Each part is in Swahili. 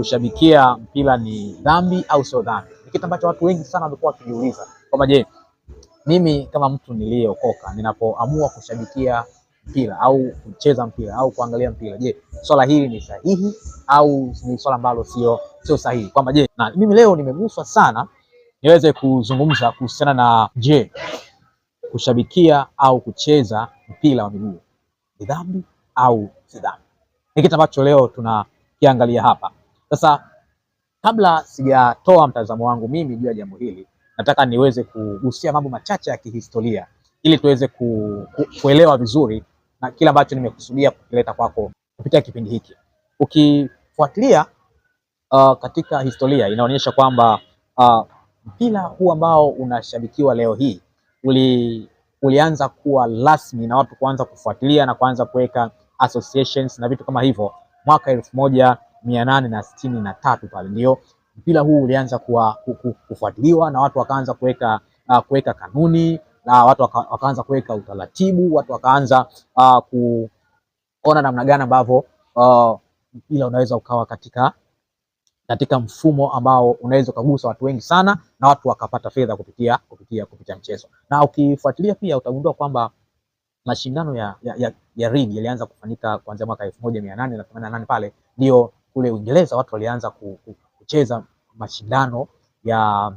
kushabikia mpira ni dhambi au sio dhambi? Ni kitu ambacho watu wengi sana wamekuwa wakijiuliza kwamba je, mimi kama mtu niliyeokoka ninapoamua kushabikia mpira au kucheza mpira au kuangalia mpira, je, swala hili ni sahihi au ni swala ambalo sio sio sahihi? Kwamba je, na mimi leo nimeguswa sana niweze kuzungumza kuhusiana na je, kushabikia au kucheza mpira wa miguu ni dhambi au si dhambi? Ni kitu ambacho leo tunakiangalia hapa. Sasa kabla sijatoa mtazamo wangu mimi juu ya jambo hili, nataka niweze kugusia mambo machache ya kihistoria ili tuweze ku, ku, kuelewa vizuri na kile ambacho nimekusudia kukileta kwako kupitia kipindi hiki. Ukifuatilia uh, katika historia inaonyesha kwamba uh, mpira huu ambao unashabikiwa leo hii uli, ulianza kuwa rasmi na watu kuanza kufuatilia na kuanza kuweka associations na vitu kama hivyo mwaka elfu moja mia nane na sitini na tatu pale ndio mpira huu ulianza kufuatiliwa na watu wakaanza kuweka uh, kuweka kanuni na watu waka, wakaanza kuweka utaratibu, watu wakaanza uh, kuona namna gani ambavyo uh, unaweza ukawa katika katika mfumo ambao unaweza ukagusa watu wengi sana na watu wakapata fedha kupitia kupitia kupitia mchezo. Na ukifuatilia pia utagundua kwamba mashindano ya, ya, ya, ya rigi yalianza kufanyika kuanzia mwaka elfu moja mia nane na themanini na nane pale ndio kule Uingereza watu walianza kucheza mashindano ya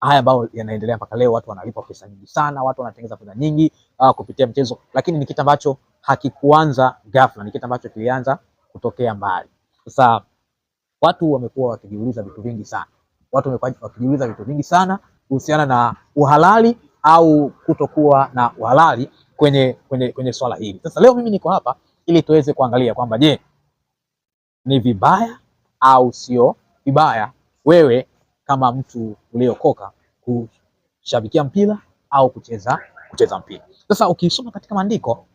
haya ambayo yanaendelea mpaka leo. Watu wanalipa pesa nyingi sana, watu wanatengeneza pesa nyingi uh, kupitia mchezo, lakini ni kitu ambacho hakikuanza ghafla, ni kitu ambacho kilianza kutokea mbali. Sasa watu wamekuwa wakijiuliza vitu vingi sana, watu wamekuwa wakijiuliza vitu vingi sana kuhusiana na uhalali au kutokuwa na uhalali kwenye, kwenye, kwenye swala hili. Sasa leo mimi niko hapa ili tuweze kuangalia kwamba je ni vibaya au sio vibaya wewe kama mtu uliokoka kushabikia mpira au kucheza kucheza mpira. Sasa ukisoma katika maandiko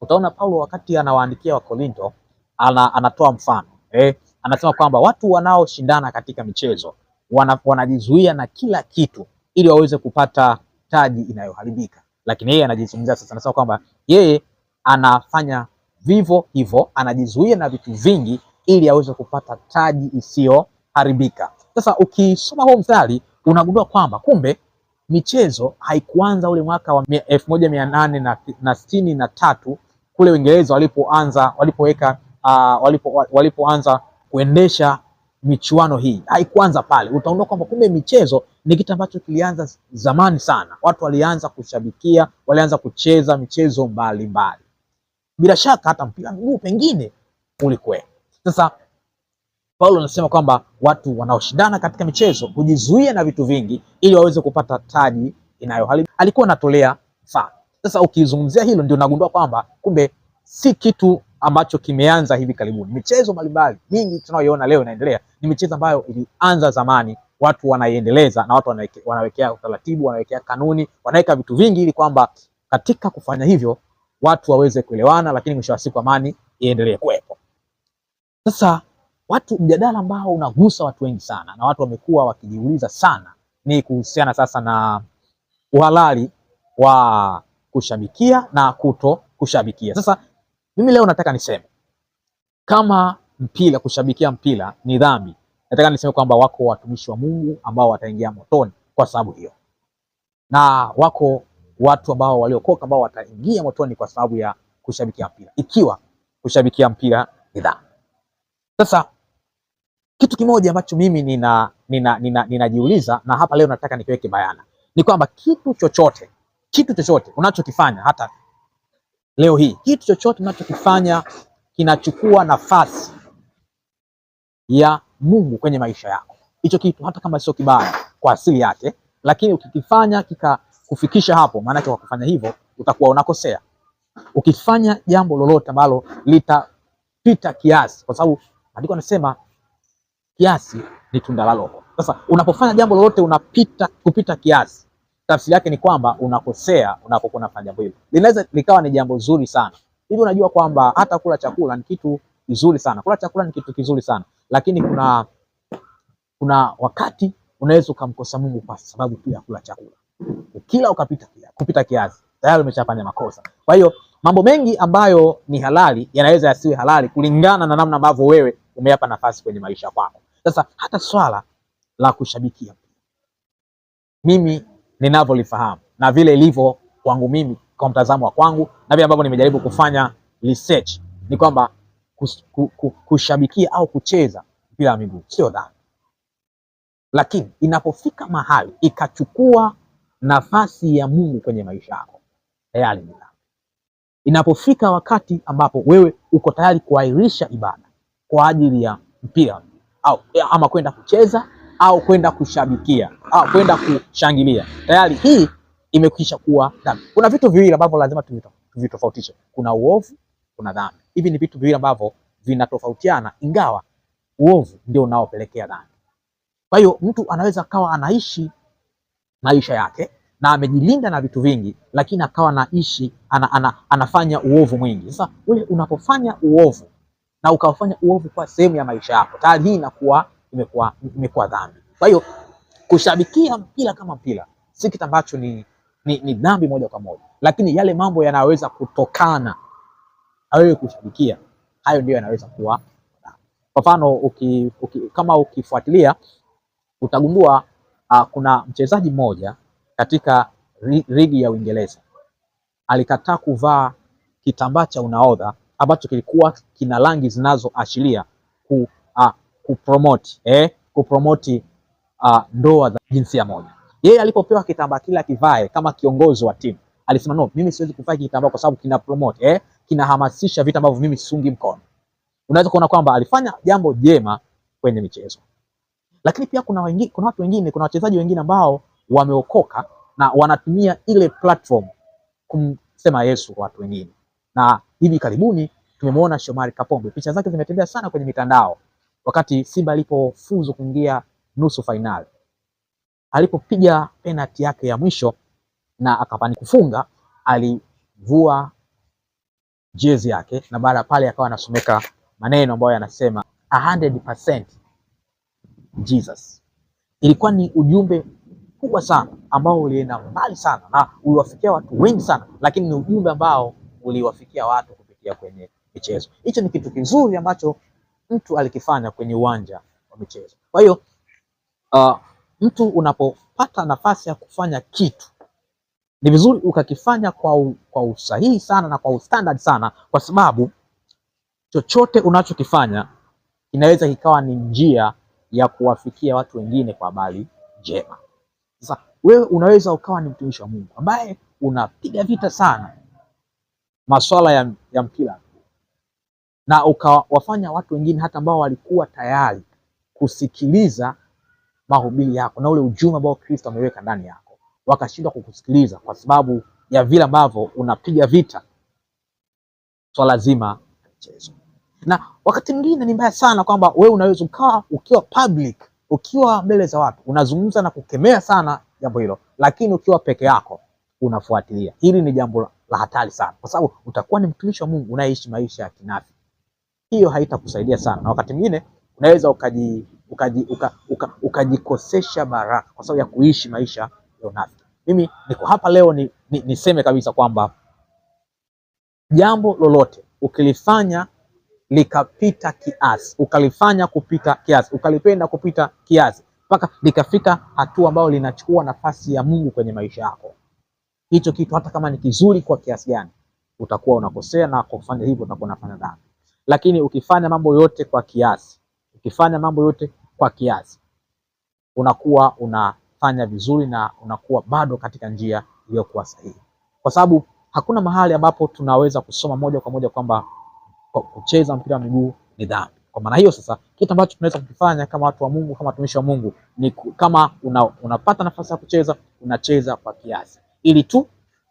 utaona Paulo wakati anawaandikia wa Korinto ana, anatoa mfano eh, anasema kwamba watu wanaoshindana katika michezo wana, wanajizuia na kila kitu ili waweze kupata taji inayoharibika, lakini yeye anajizungumzia sasa, anasema kwamba yeye anafanya vivyo hivyo, anajizuia na vitu vingi ili aweze kupata taji isiyoharibika. Sasa ukisoma huo mstari unagundua kwamba kumbe michezo haikuanza ule mwaka wa elfu moja mia nane na, na sitini na tatu kule Uingereza walipoanza walipoweka uh, walipo, walipoanza kuendesha michuano hii haikuanza pale. Utaona kwamba kumbe michezo ni kitu ambacho kilianza zamani sana, watu walianza kushabikia, walianza kucheza michezo mbalimbali mbali. Bila shaka hata mpira miguu pengine ulikuwepo. Sasa Paulo anasema kwamba watu wanaoshindana katika michezo hujizuia na vitu vingi ili waweze kupata taji inayoharibu. Alikuwa anatolea mfano. Sasa ukizungumzia hilo, ndio nagundua kwamba kumbe si kitu ambacho kimeanza hivi karibuni. Michezo mbalimbali mingi tunayoiona leo inaendelea ni michezo ambayo ilianza zamani, watu wanaiendeleza na watu wanaweke, wanawekea utaratibu, wanawekea kanuni, wanaweka vitu vingi ili kwamba katika kufanya hivyo watu waweze kuelewana, lakini mwisho wa siku amani iendelee kuwepo. Sasa watu, mjadala ambao unagusa watu wengi sana na watu wamekuwa wakijiuliza sana ni kuhusiana sasa na uhalali wa kushabikia na kuto kushabikia. Sasa mimi leo nataka niseme kama mpira, kushabikia mpira ni dhambi, nataka niseme kwamba wako watumishi wa Mungu ambao wataingia motoni kwa sababu hiyo, na wako watu ambao waliokoka ambao wataingia motoni kwa sababu ya kushabikia mpira, ikiwa kushabikia mpira ni dhambi. Sasa kitu kimoja ambacho mimi nina ninajiuliza nina, nina na hapa leo nataka nikiweke bayana ni kwamba kitu chochote kitu chochote unachokifanya hata leo hii, kitu chochote unachokifanya kinachukua nafasi ya Mungu kwenye maisha yako, hicho kitu hata kama sio kibaya kwa asili yake, lakini ukikifanya kikakufikisha hapo, maanake kwa kufanya hivyo utakuwa unakosea. Ukifanya jambo lolote ambalo litapita kiasi, kwa sababu Andiko anasema kiasi ni tunda la Roho. Sasa unapofanya jambo lolote unapita kupita kiasi, tafsiri yake ni kwamba unakosea unapokuwa unafanya jambo hilo. Linaweza likawa ni jambo zuri sana hivi. Unajua kwamba hata kula chakula ni kitu kizuri sana, kula chakula ni kitu kizuri sana, lakini kuna kuna wakati unaweza ukamkosa Mungu kwa sababu tu ya kula chakula. Ukila ukapita kupita kiasi, tayari umeshafanya makosa. Kwa hiyo mambo mengi ambayo ni halali yanaweza yasiwe halali kulingana na namna ambavyo wewe umeyapa nafasi kwenye maisha kwako. Sasa hata swala la kushabikia mimi ninavyolifahamu na vile ilivyo kwangu mimi kwa mtazamo wa kwangu na vile ambavyo nimejaribu kufanya research ni kwamba kushabikia au kucheza mpira wa miguu sio dhambi, lakini inapofika mahali ikachukua nafasi ya Mungu kwenye maisha yako tayari ni dhambi. Inapofika wakati ambapo wewe uko tayari kuahirisha ibada kwa ajili ya mpira au ama kwenda kucheza au kwenda kushabikia au kwenda kushangilia, tayari hii imekwisha kuwa dhambi. Kuna vitu viwili ambavyo lazima tuvitofautishe, kuna uovu, kuna dhambi. Hivi ni vitu viwili ambavyo vinatofautiana, ingawa uovu ndio unaopelekea dhambi. Kwa hiyo mtu anaweza akawa anaishi maisha yake na amejilinda na vitu vingi, lakini akawa anaishi ana, ana, anafanya uovu mwingi. Sasa ule unapofanya uovu na ukafanya uovu kwa sehemu ya maisha yako, tayari hii inakuwa imekuwa imekuwa dhambi. Kwa hiyo kushabikia mpira kama mpira si kitu ambacho ni, ni, ni dhambi moja kwa moja, lakini yale mambo yanaweza kutokana na wewe kushabikia, hayo ndio yanaweza kuwa Kwa mfano uki, uki, kama ukifuatilia utagundua uh, kuna mchezaji mmoja katika ligi ya Uingereza alikataa kuvaa kitambaa cha unaodha ambacho kilikuwa kina rangi zinazoashiria ku, uh, kupromote eh, kupromote uh, ndoa za jinsia moja. Yeye alipopewa kitambaa kile akivae kama kiongozi wa timu alisema no, mimi siwezi kuvaa kitambaa kwa sababu kina promote eh, kinahamasisha vitu ambavyo mimi siungi mkono. Unaweza kuona kwamba alifanya jambo jema kwenye michezo, lakini pia kuna wengi, kuna watu wengine, kuna wachezaji wengine ambao wameokoka na wanatumia ile platform kumsema Yesu kwa watu wengine, na hivi karibuni tumemwona Shomari Kapombe, picha zake zimetembea sana kwenye mitandao wakati Simba alipofuzu kuingia nusu fainali, alipopiga penati yake ya mwisho na akapani kufunga, alivua jezi yake, na baada pale akawa anasomeka maneno ambayo yanasema 100% Jesus. Ilikuwa ni ujumbe kubwa sana ambao ulienda mbali sana na uliwafikia watu wengi sana, lakini ni ujumbe ambao uliwafikia watu kupitia kwenye michezo. Hicho ni kitu kizuri ambacho mtu alikifanya kwenye uwanja wa michezo. Kwa hiyo uh, mtu unapopata nafasi ya kufanya kitu ni vizuri ukakifanya kwa, u, kwa usahihi sana na kwa standard sana, kwa sababu chochote unachokifanya inaweza kikawa ni njia ya kuwafikia watu wengine kwa habari njema. Sasa wewe unaweza ukawa ni mtumishi wa Mungu ambaye unapiga vita sana masuala ya, ya mpira na ukawafanya watu wengine hata ambao walikuwa tayari kusikiliza mahubiri yako na ule ujumbe ambao Kristo ameweka ndani yako, wakashindwa kukusikiliza kwa sababu ya vile ambavyo unapiga vita swala so zima la michezo. Na wakati mwingine ni mbaya sana kwamba wewe unaweza ukawa ukiwa public, ukiwa mbele za watu unazungumza na kukemea sana jambo hilo, lakini ukiwa peke yako unafuatilia. Hili ni jambo la hatari sana, kwa sababu utakuwa ni mtumishi wa Mungu unayeishi maisha ya kinafi. Hiyo haitakusaidia sana, na wakati mwingine unaweza ukaji ukajikosesha uka, uka, uka baraka kwa sababu ya kuishi maisha ya unafi. Mimi niko hapa leo ni, ni, niseme kabisa kwamba jambo lolote ukilifanya likapita kiasi, ukalifanya kupita kiasi, ukalipenda kupita kiasi, mpaka likafika hatua ambayo linachukua nafasi ya Mungu kwenye maisha yako, hicho kitu, hata kama ni kizuri kwa kiasi gani, utakuwa unakosea, na kwa kufanya hivyo utakuwa unafanya dhambi. Lakini ukifanya mambo yote kwa kiasi, ukifanya mambo yote kwa kiasi, unakuwa unafanya vizuri na unakuwa bado katika njia iliyokuwa sahihi, kwa sababu hakuna mahali ambapo tunaweza kusoma moja kwa moja kwamba kucheza mpira wa miguu ni dhambi. Kwa maana hiyo sasa, kitu ambacho tunaweza kukifanya kama watu wa Mungu, kama watumishi wa Mungu ni kama una, unapata nafasi ya kucheza, unacheza kwa kiasi ili tu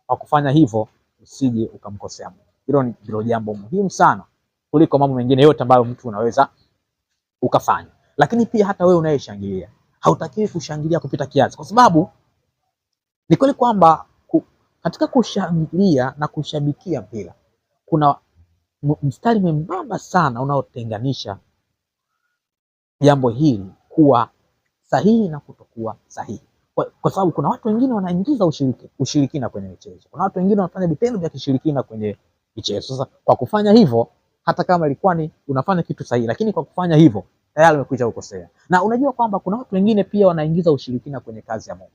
kwa kufanya hivyo usije ukamkosea Mungu. Hilo ndilo jambo muhimu sana kuliko mambo mengine yote ambayo mtu unaweza ukafanya. Lakini pia hata wewe unayeshangilia hautakiwi kushangilia kupita kiasi, kwa sababu ni kweli kwamba ku, katika kushangilia na kushabikia mpira kuna mstari mwembamba sana unaotenganisha jambo hili kuwa sahihi na kutokuwa sahihi kwa, kwa sababu kuna watu wengine wanaingiza ushiriki, ushirikina kwenye michezo. Kuna watu wengine wanafanya vitendo vya kishirikina kwenye michezo. Sasa kwa kufanya hivyo, hata kama ilikuwa ni unafanya kitu sahihi, lakini kwa kufanya hivyo tayari umekwisha kukosea. Na unajua kwamba kuna watu wengine pia wanaingiza ushirikina kwenye kazi ya Mungu.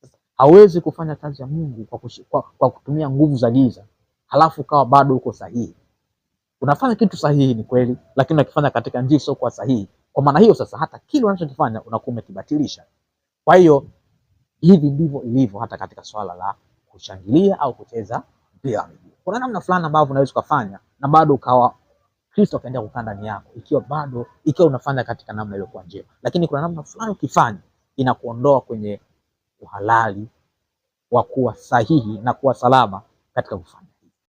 Sasa hauwezi kufanya kazi ya Mungu kwa, kush, kwa, kwa kutumia nguvu za giza halafu ukawa bado uko sahihi. Unafanya kitu sahihi ni kweli, lakini unakifanya katika njia isiyokuwa sahihi. Kwa maana hiyo sasa, hata kile unachokifanya unakuwa umekibatilisha. Kwa hiyo Hivi ndivyo ilivyo hata katika swala la kushangilia au kucheza mpira wa miguu. Kuna namna fulani ambavyo unaweza ukafanya na bado ukawa Kristo akaendea kukaa ndani yako, ikiwa bado ikiwa unafanya katika namna iliyokuwa njema, lakini kuna namna fulani ukifanya inakuondoa kwenye uhalali wa kuwa sahihi na kuwa salama katika kufanya